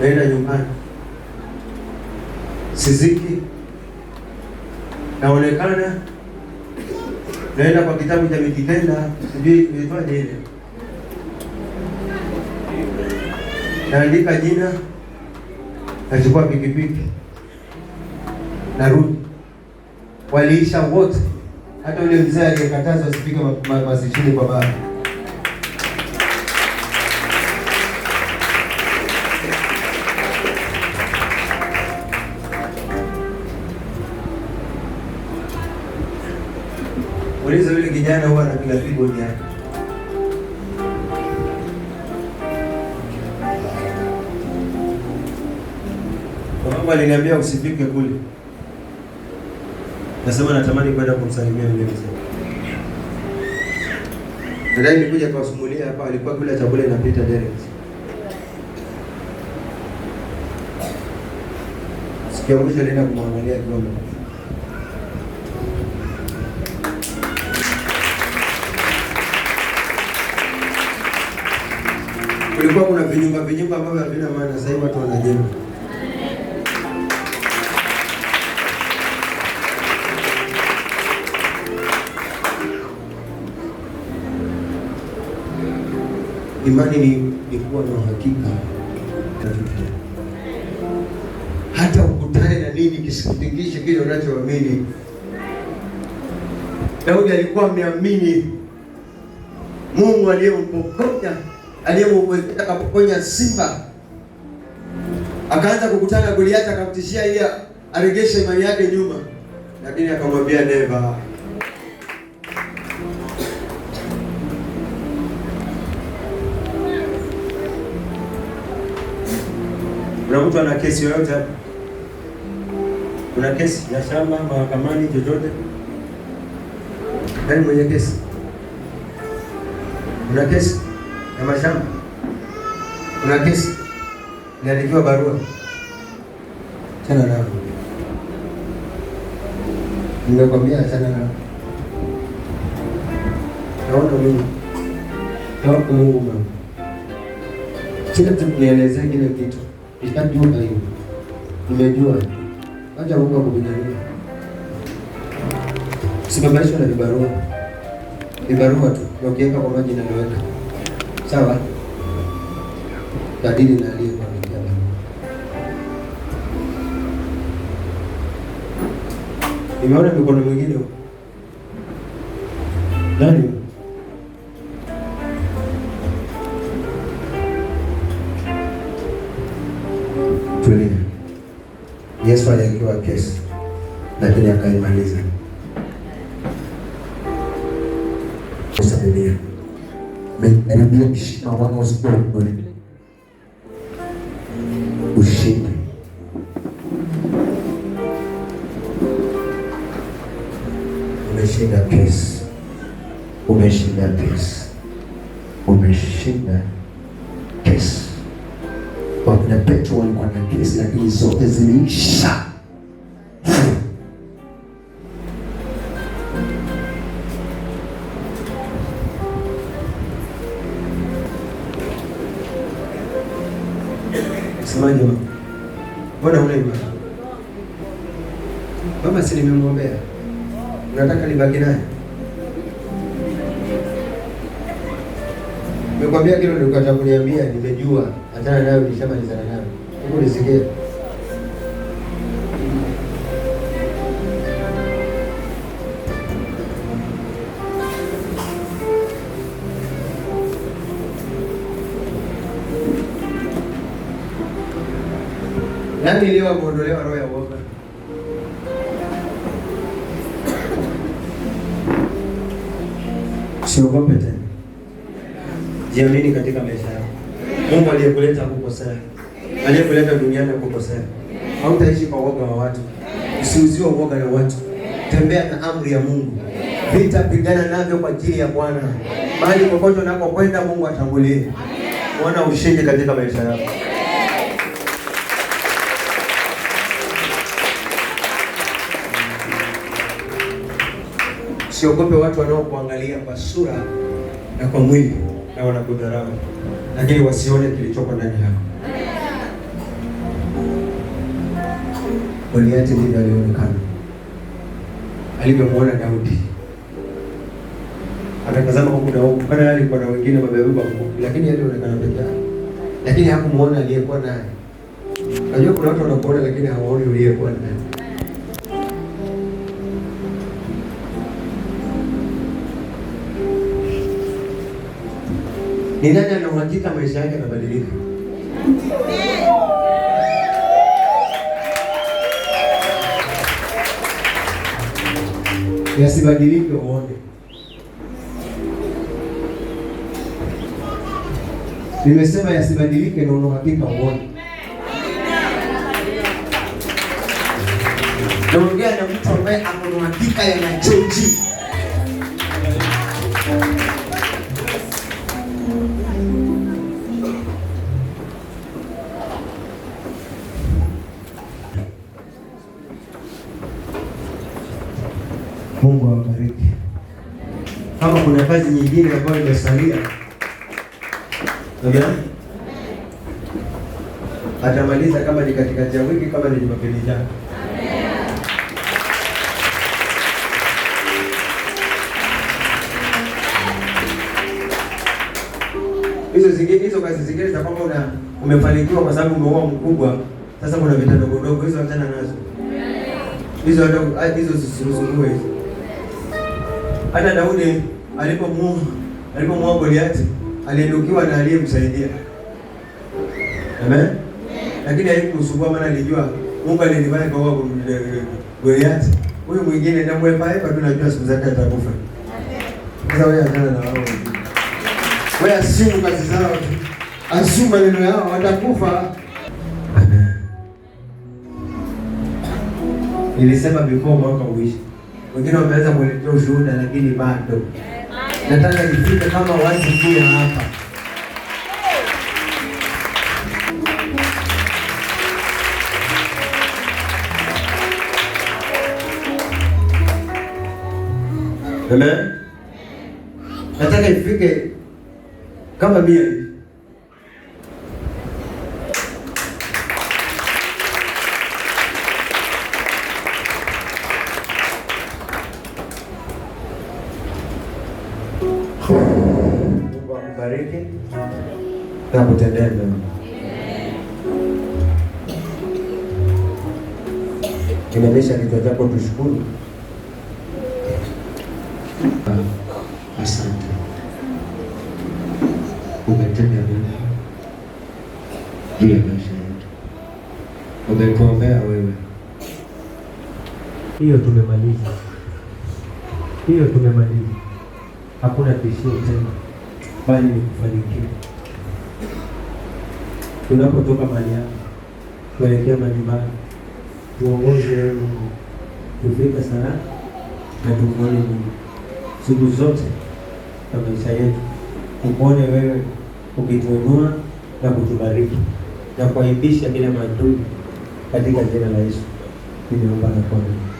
naenda nyumbani, siziki, naonekana naenda kwa kitabu cha Mijitenda, sijui iitwaje ile, naandika jina, nachukua pikipiki, narudi. Waliisha wote, hata ule mzee aliyekatazwa asipike masishini kwa baba Uliza yule kijana huwa na kila anapiga figo gani? Mama aliniambia usifike kule. Nasema natamani kwenda kumsalimia yule mzee. Ndio nilikuja kuwasimulia hapa alikuwa kula chakula Peter Derek. Sikia mwisho nenda kumwangalia kidogo. kulikuwa kuna vinyumba vinyumba ambavyo havina maana, sasa hivi watu wanajenga. Imani ni, ni kuwa na uhakika hata ukutane na nini kisikitikishe kile unachoamini. Daudi alikuwa ameamini Mungu aliyempokonya atakapoponya simba, akaanza kukutana Goliath, akamtishia ili aregeshe imani yake nyuma, lakini akamwambia neva. Kuna mtu ana kesi yoyote? Kuna kesi ya shamba mahakamani, chochote? Nani mwenye kesi? Kuna kesi ya mashamba, kuna kesi niandikiwa barua chana na nimekwambia chana na Naona Mungu, naona Mungu mama, kila tu nielezea kile kitu nikajua hivi, nimejua acha Mungu akubijalia, simamaishwa na vibarua, vibarua tu nakiweka kwa maji nanaweka sawa, kadiri na aliyekuwa Nimeona mikono mingine nani tulia. Yesu aliwekewa kesi, lakini akaimaliza. o o o Benderebiyakishina wanaosikuwa ushindi. Umeshinda kesi, umeshinda kesi, umeshinda kesi. Wakina Petro walikuwa na kesi, lakini zote ziliisha. Ibrahim, baba, si nimemwombea, unataka libaki naye. Nimekwambia kile nilikuwa nakuniambia, nimejua, achana nayo, nishamalizana nayo. Huko nisikie Nani leo ameondolewa roho ya uoga? Usiogope tena, jiamini katika maisha yako. Mungu aliyekuleta hakukosea, aliyekuleta duniani akukosea Hautaishi kwa uoga wa watu, usiuziwe uoga na watu. Tembea na amri ya Mungu, vita pigana navyo kwa ajili ya Bwana. Mahali popote unapokwenda, Mungu atangulie. Mwana ushindi katika maisha yako. Usiogope watu wanaokuangalia kwa sura na kwa mwili na wanakudharau, lakini wasione kilichoko ndani yako. Goliathi ndivyo alionekana alivyomwona Daudi, atakazama huku na huku, kana alikuwa na wengine mabeba, lakini alionekana peke yake, lakini hakumwona aliyekuwa naye. Unajua kuna watu wanakuona, lakini hawaoni uliyekuwa naye. Ni nani ana uhakika maisha yake yanabadilika? Yasibadilike uone. Nimesema yasibadilike ya na una uhakika uone. Naongea na mtu ambaye ana uhakika yanachoji kama kuna kazi nyingine ambayo imesalia, atamaliza kama ni katikati ya wiki, kama ni Jumapili ijayo. Hizo zingine, hizo kazi zingine za kwamba una umefanikiwa kwa sababu umeoa mkubwa, sasa kuna vita ndogo ndogo, hizo achana nazo, hizo hizo zisizungue hizo hata Daudi alipomuua alipomuua Goliathi aliendukiwa na aliyemsaidia. Amen. Lakini haikumsumbua maana alijua Mungu alinifanya kwa wao Goliathi. Huyu mwingine ndio mwepa hapa tunajua siku zake atakufa. Amen. Sasa wewe atana na wao. Wewe asimu kazi zao. Asimu maneno yao watakufa. Nilisema before mwaka uishi wengine wameweza kuletea ushuhuda, lakini bado nataka nifike kama watu pia hapa Amen. Nataka ifike kama mimi akubariki na kutendea mema. Kimemesha kichwa chako, tushukuru. Asante, umetenda mema juu ya maisha yetu, umetuombea wewe. Hiyo tumemaliza, hiyo tumemaliza, hakuna tishio tena bali ni kufanikiwa. Tunapotoka mali yako kuelekea majumbani, tuongoze Mungu tufika salama na tumuone Mungu siku zote na maisha yetu, tumuone wewe ukituinua na kutubariki na kuaibisha kila maadui katika jina la Yesu nimeomba na kuamini.